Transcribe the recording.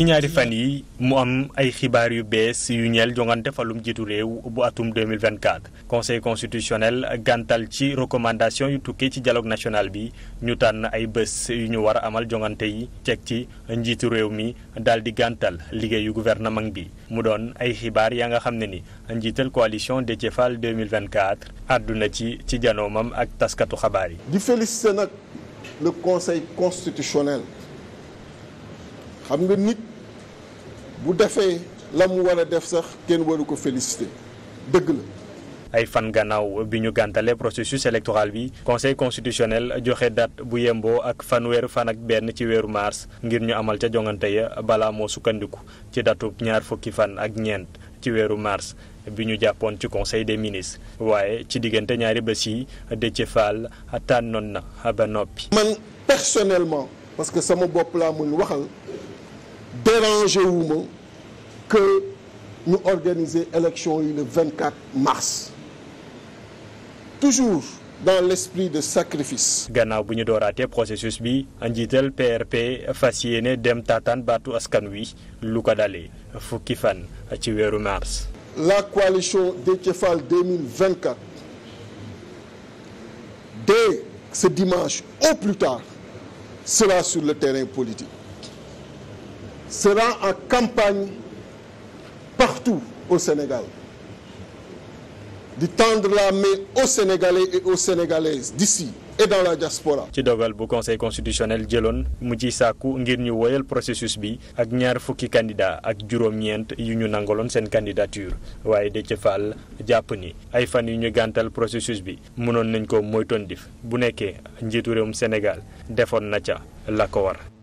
ci ñaari fan yi mu am ay xibaar yu bees yu ñeel jongante falum jiitu réew bu atum 2024 conseil constitutionnel gantal ci recommandation yu tukkee ci dialogue nationale bi ñu tànn ay bés yu ñu war a amal jongante yi ceeg ci njiitu réew mi daal di gàntal liggéeyu gouvernement bi mu doon ay xibaar yaa nga xam ne ni njiital coalition Déthié Fall 2024 àdduna ci ci janoomam ak taskatu xabaar yi di félicité nag le conseil constitutionnel xam nga nit bu defee la mu war def sax kenn waru ko félicité dëgg la. ay fan gannaaw bi ñu gantalee processus électoral bi conseil constitutionnel joxe dat bu yemboo ak fanweeru fan ak benn ci weeru mars ngir ñu amal ca jongante ya balaa moo sukkandiku ci datu ñaar fukki fan ak ñeent ci weeru mars bi ñu jàppoon ci conseil des ministres waaye ci diggante ñaari bés yi Déthié Fall tànnoon na ba noppi. man personnellement parce que sama bopp laa mun waxal. dérangé wu ma que ñu organiser élection yi le 24 mars toujours dans l'esprit de sacrifice. gannaaw bu ñu dooraatee processus bi njiital PRP fas yéene dem taataan baatu askan wi lu ko dale fukki fan ci weeru mars. la coalition Déthié Fall 2024 dès ce dimanche au plus tard sera sur le terrain politique. sera en campagne partout au di tendre la main aux Sénégalais et aux Sénégalaises d'ici ci dogal bu conseil constitutionnel jëloon mu ci sàkku ngir ñu woyal processus bi ak ñaar fukki candidat ak juróom-ñeent yu ñu nangaloon seen candidature waaye Déthié Fall jàpp ni ay fan yu ñu gantal processus bi mënoon nañ ko moytoon dif bu nekkee njiitu réewum senegal defoon na ca la ko war.